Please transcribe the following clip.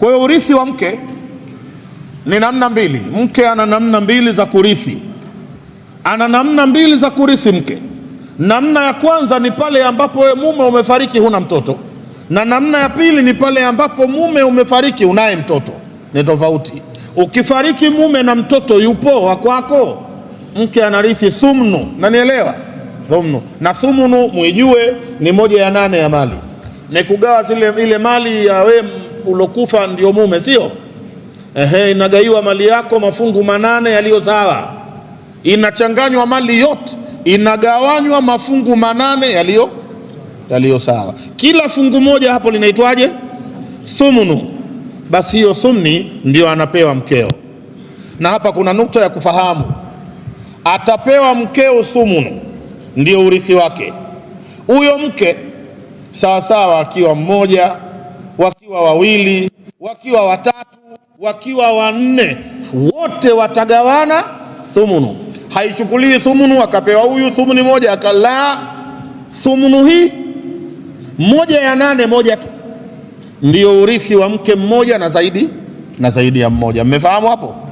Kwa hiyo urithi wa mke ni namna mbili. Mke ana namna mbili za kurithi, ana namna mbili za kurithi mke. Namna ya kwanza ni pale ambapo we mume umefariki, huna mtoto, na namna ya pili ni pale ambapo mume umefariki, unaye mtoto. Ni tofauti. Ukifariki mume na mtoto yupo wa kwako, mke anarithi thumnu, nanielewa? Thumnu na thumnu, mwijue ni moja ya nane ya mali, ni kugawa zile ile mali ya wewe ulokufa ndio mume, sio? Ehe, inagaiwa mali yako mafungu manane yaliyo sawa, inachanganywa mali yote, inagawanywa mafungu manane yaliyo yaliyo sawa. Kila fungu moja hapo linaitwaje? Thumnu. Basi hiyo thumni ndio anapewa mkeo, na hapa kuna nukta ya kufahamu. Atapewa mkeo thumnu, ndio urithi wake huyo mke, sawasawa akiwa mmoja wakiwa wawili, wakiwa watatu, wakiwa wanne, wote watagawana thumunu. Haichukulii thumunu akapewa huyu thumuni moja akalaa, thumunu hii moja ya nane moja tu ndio urithi wa mke mmoja na zaidi na zaidi ya mmoja. Mmefahamu hapo?